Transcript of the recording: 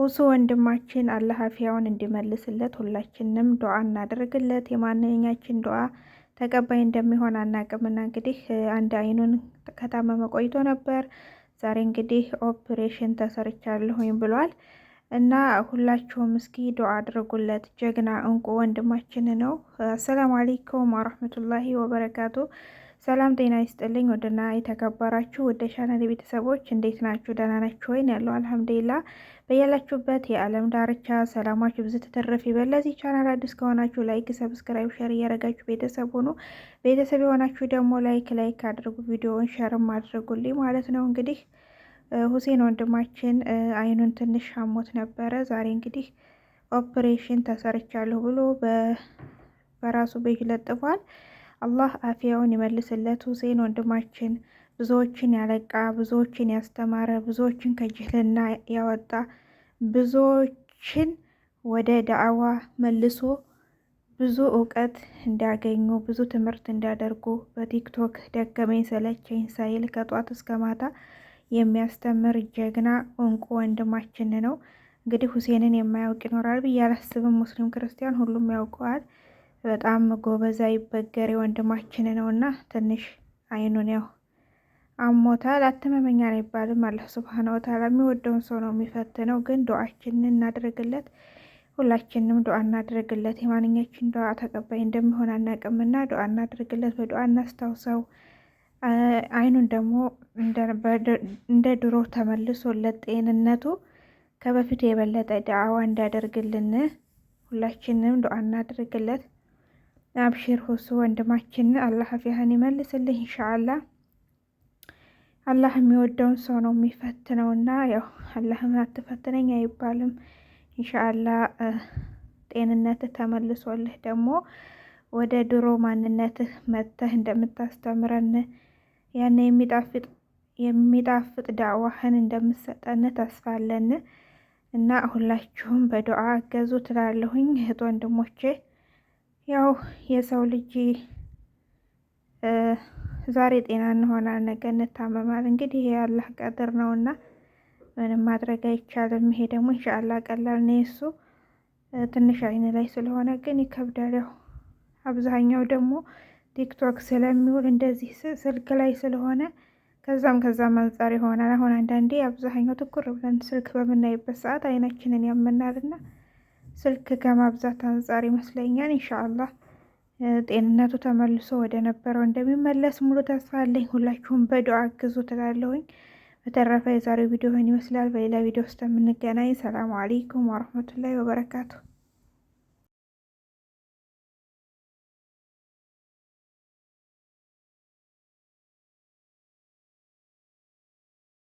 ሁሱ ወንድማችን አላህ አፊያውን እንዲመልስለት ሁላችንም ዱዓ እናደርግለት። የማንኛችን ዱዓ ተቀባይ እንደሚሆን አናቅምና እንግዲህ አንድ አይኑን ከታመመ ቆይቶ ነበር። ዛሬ እንግዲህ ኦፕሬሽን ተሰርቻለሁኝ ብሏል እና ሁላችሁም እስኪ ዱዓ አድርጉለት። ጀግና እንቁ ወንድማችን ነው። አሰላሙ አሌይኩም ወረህመቱላሂ ወበረካቱ ሰላም ጤና ይስጥልኝ ወደና የተከበራችሁ ወደ ቻናል ቤተሰቦች እንዴት ናችሁ? ደህና ናችሁ ወይን? ያለው አልሐምዱሊላ። በያላችሁበት የዓለም ዳርቻ ሰላማችሁ ብዙ ትትርፍ ይበል። ለዚህ ቻናል አዲስ ከሆናችሁ ላይክ፣ ሰብስክራይብ፣ ሸር እያደረጋችሁ ቤተሰብ ሆኑ። ቤተሰብ የሆናችሁ ደግሞ ላይክ ላይክ አድርጉ፣ ቪዲዮውን ሸርም አድርጉልኝ ማለት ነው። እንግዲህ ሁሴን ወንድማችን አይኑን ትንሽ አሞት ነበረ። ዛሬ እንግዲህ ኦፕሬሽን ተሰርቻለሁ ብሎ በራሱ ቤጅ ለጥፏል። አላህ አፊያውን ይመልስለት። ሁሴን ወንድማችን ብዙዎችን ያለቃ፣ ብዙዎችን ያስተማረ፣ ብዙዎችን ከጅህልና ያወጣ፣ ብዙዎችን ወደ ዳዕዋ መልሶ ብዙ እውቀት እንዲያገኙ ብዙ ትምህርት እንዲያደርጉ በቲክቶክ ደከመኝ ሰለቸኝ ሳይል ከጧት እስከ ማታ የሚያስተምር ጀግና እንቁ ወንድማችን ነው። እንግዲህ ሁሴንን የማያውቅ ይኖራል ብዬ አላስብም። ሙስሊም ክርስቲያን ሁሉም ያውቀዋል። በጣም ጎበዝ አይበገሬ ወንድማችን እና ትንሽ አይኑን ያው አሞታል። አትመመኛ አይባልም። አላህ ስብሓነ ወተዓላ የሚወደውን ሰው ነው የሚፈትነው። ግን ዱዓችንን እናደርግለት፣ ሁላችንም ዱዓ እናደርግለት። የማንኛችን ዱዓ ተቀባይ እንደሚሆን አናቅምና ዱዓ እናደርግለት፣ በዱዓ እናስታውሰው። አይኑን ደግሞ እንደ ድሮ ተመልሶለት ጤንነቱ ከበፊቱ የበለጠ ዳዕዋ እንዳደርግልን ሁላችንም ዱዓ እናድርግለት። አብሽር ሁሱ ወንድማችን አላህ አፊያህን ይመልስልህ እንሻአላ። አላህ የሚወደውን ሰው ነው የሚፈትነውና ያው አላህም አትፈትነኝ አይባልም። እንሻአላ ጤንነትህ ተመልሶልህ ደግሞ ወደ ድሮ ማንነትህ መጥተህ እንደምታስተምረን ያን የሚጣፍጥ ዳዋህን ዳዕዋህን እንደምትሰጠን ተስፋ እና ሁላችሁም በዱዓ አገዙ ትላለሁኝ እህት ወንድሞቼ። ያው የሰው ልጅ ዛሬ ጤና እንሆናል፣ ነገ እንታመማል። እንግዲህ ይሄ የአላህ ቀድር ነውና ምንም ማድረግ አይቻልም። ይሄ ደግሞ እንሻላ ቀላል ነው። እሱ ትንሽ አይን ላይ ስለሆነ ግን ይከብዳል። ያው አብዛኛው ደግሞ ቲክቶክ ስለሚውል እንደዚህ ስልክ ላይ ስለሆነ ከዛም ከዛም አንጻር ይሆናል። አሁን አንዳንዴ አብዛኛው ትኩር ብለን ስልክ በምናይበት ሰዓት አይናችንን ያመናልና ስልክ ከማብዛት አንጻር ይመስለኛል። ኢንሻአላህ ጤንነቱ ተመልሶ ወደ ነበረው እንደሚመለስ ሙሉ ተስፋ አለኝ። ሁላችሁም በዱዓ አግዙ ትላለሁኝ። በተረፈ የዛሬው ቪዲዮ ይህን ይመስላል። በሌላ ቪዲዮ ውስጥ የምንገናኝ። ሰላሙ አሌይኩም ወረህመቱላሂ ወበረካቱ።